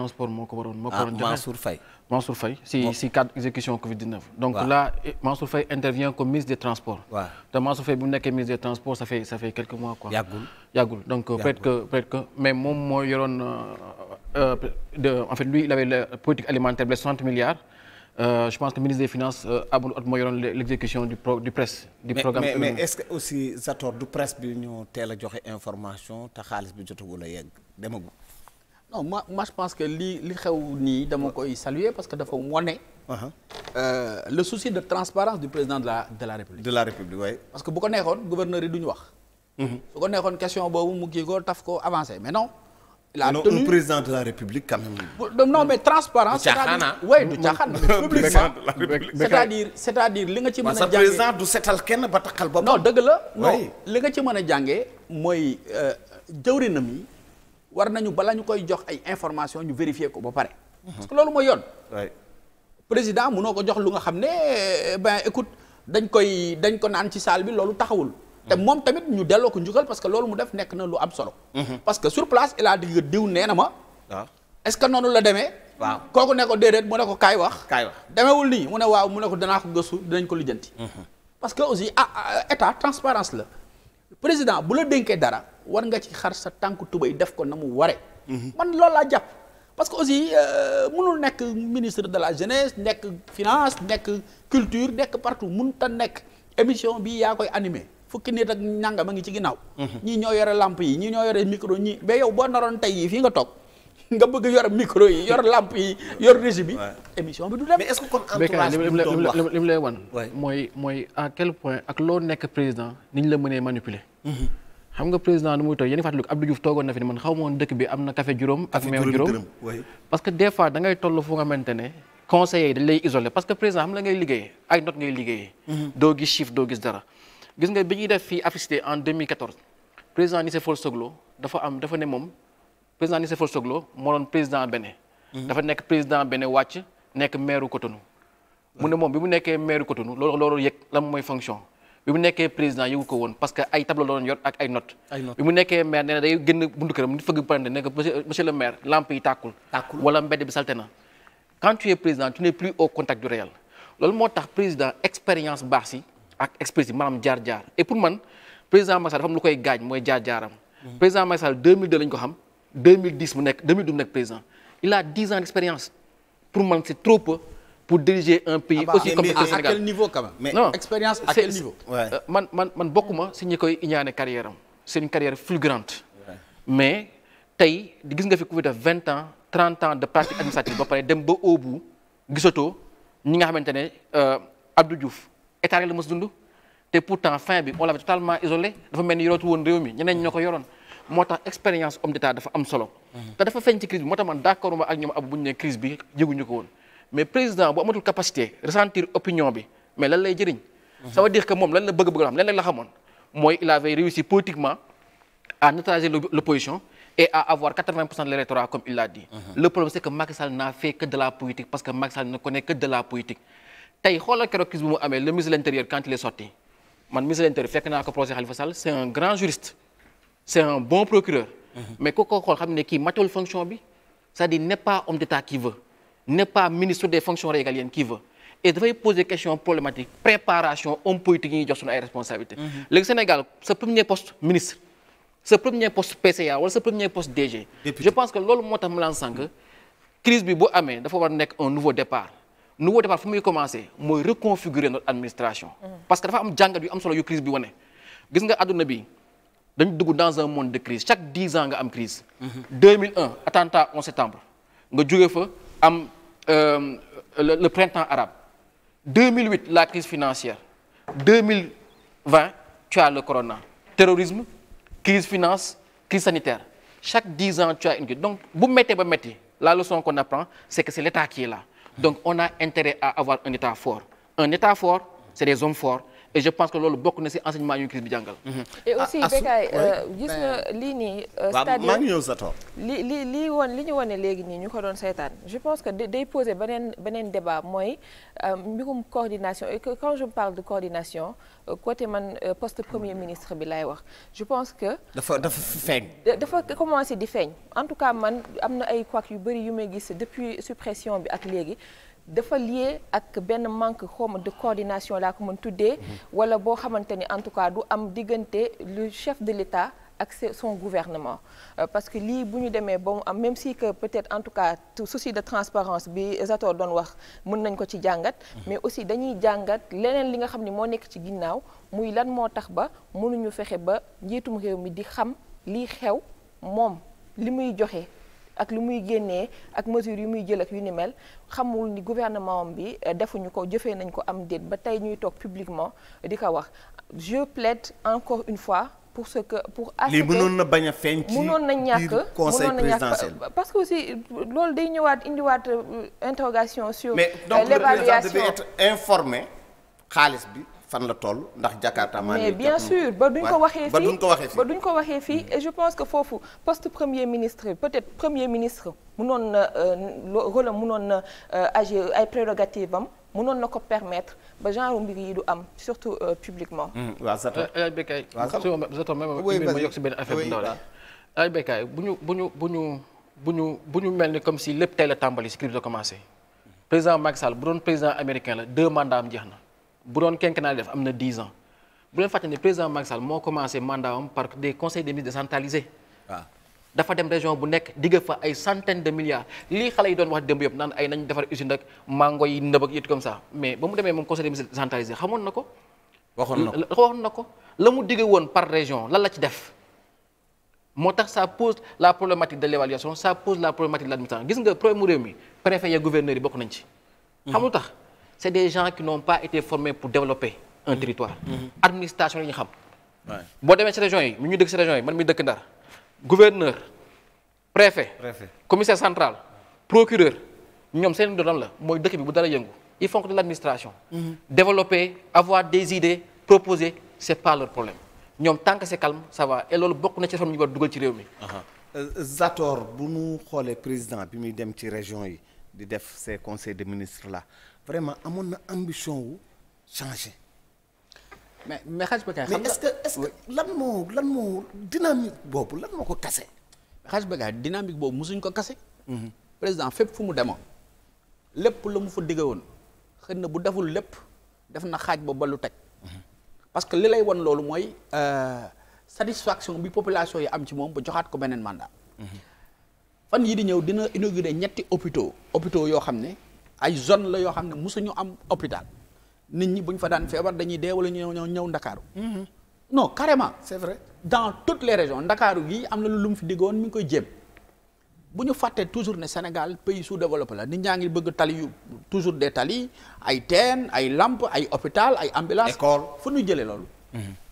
transport moo ko waroon moo ko ah, waroon joxe Mansour Faye Mansour Faye si bon. si cadre exécution Covid-19 donc ouais. là eh, Mansour Faye intervient comme ministre des transports te Mansour Faye bu mu nekkee ministre des transports ça fait ça mois quoi yàggul donc euh, peut que peut-être mais moom moo yoroon euh, euh, de en fait lui il avait la politique alimentaire les 60 milliards Euh, je pense que ministre des finances Abdou Ott moo yoroon l'exécution du pro du presse. du mais, programme mais est-ce que aussi Zator du presse bi ñu teel a joxe information xaalis bi jotagul a yegg demagul. non ma moi je pense que li li xew nii dama koy saluer parce que dafa wone uh-huh. euh, le souci de transparence du président de la de la république. de la république parce que bu ko neexoon gouverneur yi du ñu wax. Mm-hmm. su ko neexoon question boobu mu kii ko taf ko avancé mais non. la non tenue... un président de la république quand même. non mais transparence du caaxaan ah du c'est-à-dire c'est-à-dire li nga ci mën a. jàngee sa président du setal kenn ba taxal ba. non dëgg la li nga ci mën a jàngee mooy euh, jëwrinam yi. war nañu balaa ñu koy jox ay information ñu vérifier ko ba pare. Mhm. parce que loolu mooy yoon. président mënoo ko jox lu nga xam ne eh, ben écoute dañ koy dañ ko naan ci saal bi loolu taxawul. te mhm. moom tamit ñu delloo ko njukkal parce que loolu mu def nekk na lu am solo. Mhm. parce que sur place il a dit diw nee na ma. Ah. est-ce que noonu la demee. waaw kooku ne ko déedéet mu ne ko kaay wax. kaay wax demeewul nii mu ne waaw mu ne ko danaa ko gëstu dinañ ko lijjanti. parce que aussi ah, ah état transparence la président bu la dénkee dara. war nga ci xar sa tànk tubay def ko na mu ware man loolu laa jàpp parce que aussi euh, mënul nekk ministre de la jeunesse nekk finance nekk culture nekk partout mun ta nekk émission bi yaa koy animé fukki nit ak nangam a ngi ci ginnaaw mhm. ñii ñoo yore lamp yi ñii ñoo yore micro ñii mais yow boo naroon tey yi fii nga toog nga bëgg yor micro yi yor lamp yi yor régie bi émission bi du dem mais est-ce que lay wan mooy mooy à quel point ak loo nekk président ni ñu la mënee manipuler mhm. xam nga président nu muy toog yéen a fàttali toogoon na fi ne man xaw ma dëkk bi am na café juróom ak meew juróom parce que des fois da ngay toll fu nga xamante ne conseillers yi dañ lay isolé parce que président xam la ngay ay notes ngay liggéeyee mhm. doo doo gis dara gis nga bi ñuy def fii afficité en 2014 président Nicéphore Faure Soglo dafa am dafa ne moom président Nicéphore Faure Soglo moo doon président Bénin mhm. dafa nekk président Bénin wàcc nekk maire Cotonou mu ne moom bi mu nekkee maire Cotonou loolu loolu yëg lan mooy fonction bi mu nekkee président yëgu ko woon parce que ay tableau la doon yor ak ay notes. ay notes bi mu nekkee maire nee na day génn buntu këram nit fëgg parante ne monsieur le maire lampe yi tàkkul. mbedd bi salte na. quand tu président tu n'es plus au contact du réel loolu moo tax président expérience baax si ak expertise maanaam jaar-jaar et pour man président Macky Sall dafa lu koy gaañ mooy jaar-jaaram. Mm-hmm. président Macky Sall 2002 lañ ko mu nekk 2012 mu nekk président il a 10 pour man c'est trop pour diriger un pays ah bah, aussi comme le Sénégal mais à euh, man man man bokkuma si ñi koy ñaane carrière am c'est une carrière fulgurante. Ouais. mais tey di gis nga fi ku fi def vingt ans trente ans de pratique administrative ba pare dem ba au bout gisatoo ñi nga xamante ne euh, Abdou Diouf état la mos dund te pourtant fin bi on l'avait totalement isolé dafa mel ni yorootu woon réew mi ñeneen ñoo ko yoroon. moo tax expérience homme d'état dafa am solo. Mhm. te dafa feeñ ci crise bi moo tax man d'accord ma ak ñoo abu bu ñu bi yëguñu ko woon. mais président bu amatul capacité ressentir opinion bi mais lan lay jëriñ. ça veut dire que moom lan la bëgg bëgg xam lan la xamoon mooy il avait réussi politiquement à neutraliser l'opposition et à avoir 80% de l'électorat comme il l'a dit. Uh-huh. le problème c'est que Macky Sall n'a fait que de la politique parce que Macky Sall ne connaît que de la politique. tey xoolal keroog kis bu mu amee le ministre de l'intérieur quand il man ministre de l'intérieur fekk naa ko projet uh-huh. bi cest n'est pas ministre des fonctions régaliennes qui veut et dafay poser question problématique préparation homme politique yi ñuy jox suñu ay responsabilités. Mm-hmm. léegi Sénégal sa premier poste ministre sa premier poste PCA wala sa premier poste DG. je pense que loolu moo tax mu laan sànq crise bi bu amee dafa war a nekk un nouveau départ nouveau départ fu muy commencé mooy reconfigurer notre administration. Mm-hmm. parce que dafa am jàngat yu am solo yu crise bi wane. gis nga àdduna bi euh, le, le printemps arabe 2008 la crise financière 2020 tu as le corona terrorisme crise finance crise sanitaire chaque 10 ans tu as une donc bu méttee ba métti la leçon qu'on apprend c'est que c'est l'État qui est là donc on a intérêt à avoir un État fort un État fort c'est des hommes forts et je pense que loolu bokk na ci enseignement yu ñu bi jàngal. Mhm. et ah, aussi ah, Bécaye euh, gis nga lii nii. Euh, c'est-à-dire li li li woon li ñu wane léegi nii ñu ko doon seetaan je pense que day poser beneen beneen débat mooy euh, mbirum coordination et quand je parle de coordination côté man poste premier ministre bi laay wax je pense que. dafa dafa feeñ. dafa commencé di feeñ en tout cas man am na ay couacs yu bari yu may gis depuis suppression bi ak léegi. dafa lié ak benn manque xawma de coordination laa ko mën tuddee mhm. wala boo xamante ni en tout cas du am diggante le chef de l'État ak son gouvernement euh, parce que lii bu ñu demee ba mu am même si que peut-être en tout cas tout souci de transparence bi Zator doon wax mun nañ ko ci jàngat mhm. mais aussi dañuy jàngat leneen li nga xam ne moo nekk ci ginnaaw muy lan moo tax ba mënuñu fexe ba njiitum réew mi di xam lii xew moom li muy joxe ak lu muy génnee ak mesures yu muy jël ak yu ni mel xamul ni gouvernement bi euh, defuñu ko jëfee nañ ko am déet ba tey ñuy toog publiquement di ko wax je plaide encore une fois pour ce que pour. lii mënoon na bañ a feeñ ci mënoon na ñàkk conseil présidentiel parce que aussi loolu day ñëwaat indiwaat euh, interrogation sur. mais donc euh, le président devait être informé xaalis bi. fan la tool ndax Jakarta maa mais bien sûr ba ñu ko waxee fii ba duñ ko waxee ba duñ ko waxee fii et je pense que foofu poste premier ministre peut-être premier ministre noon na euh, rôle am mënoon na euh, agir ay prérogative am mënoon na ko permettre ba genre mbir yi du am surtout euh, publiquement hmm, waaw sa ay békaay sa to ma yokk si benn affaire bu ndaw la ay békaay bu ñu bu ñu bu ñu bu ñu bu ñu mel ni comme si lépp tey la tàmbali si crise de commencé président Macky Sall bu doon président américain la deux mandats am jeex na bu doon naa def am na 10 ans bu leen fàtte ne président Macky Sall moo commencé mandat am par des conseils des ah. ay centaines de milliards lii xale yi doon wax démb yëpp naan ay nañ defar usine ak mango yi ndëb ak yëpp comme ça mais ba mu demee moom conseil des ministres xamoon na ko. waxoon na ko na ko la mu digg woon par région lan la ci def. moo tax ça pose la problématique de l'évaluation ça pose la problématique de l'administration gis nga problème mu réew mi préfet ya gouverneur bokk nañ ci. Hmm. c'est des gens qui n'ont pas été formés pour développer un territoire. Mhm. administration yi ñu xam. boo demee si régions yi mu ñu dëkk si régions yi man mi dëkk Ndar gouverneur préfet. préfet commissaire centrale procureur ñoom seen doon la mooy dëkk bi bu dara yëngu ils font que de l'administration. Mhm. développer avoir des idées proposer c'est pas leur problème ñoom tant que c'est calme ça et loolu bokk na ci réforme ñu war dugal ci réew mi. Euh, Zator bu nu xoolee président bi muy dem ci région yi di def ces conseils de ministres la vraiment amoon na ambition wu changer. mais mais xaj ba kay est-ce que est-ce que lan moo lan moo dynamique boobu lan moo ko kase. xaj ba kay dynamique boobu mosuñ ko kase. Mhm. président fépp fu mu demoon. lépp la mu fa digge woon xëy na bu deful lépp def na xaaj ba ba lu teg. Mhm. parce que li lay wan loolu mooy euh, satisfaction bi population yi am ci moom ba joxaat ko beneen mandat. Mhm. fan yi di ñëw dina inauguré ñetti hôpitaux hôpitaux yoo xam ne. ay zone la yoo xam ne mosuñu am hôpital nit ñi bu ñu fa daan feebar dañuy dee wala ñu ñoo ñëw Ndakaaru mm-hmm. non carrément c'est vrai dans toutes les régions Ndakaaru gi am na lu mu fi diggoon mi ngi koy jéem bu ñu fàttee toujours ne Sénégal pays sous-développé la nit ñaa ngi bëgg tali yu toujours des tali ay teen ay làmp ay hôpital ay ambulance école fu ñu jëlee loolu mm-hmm.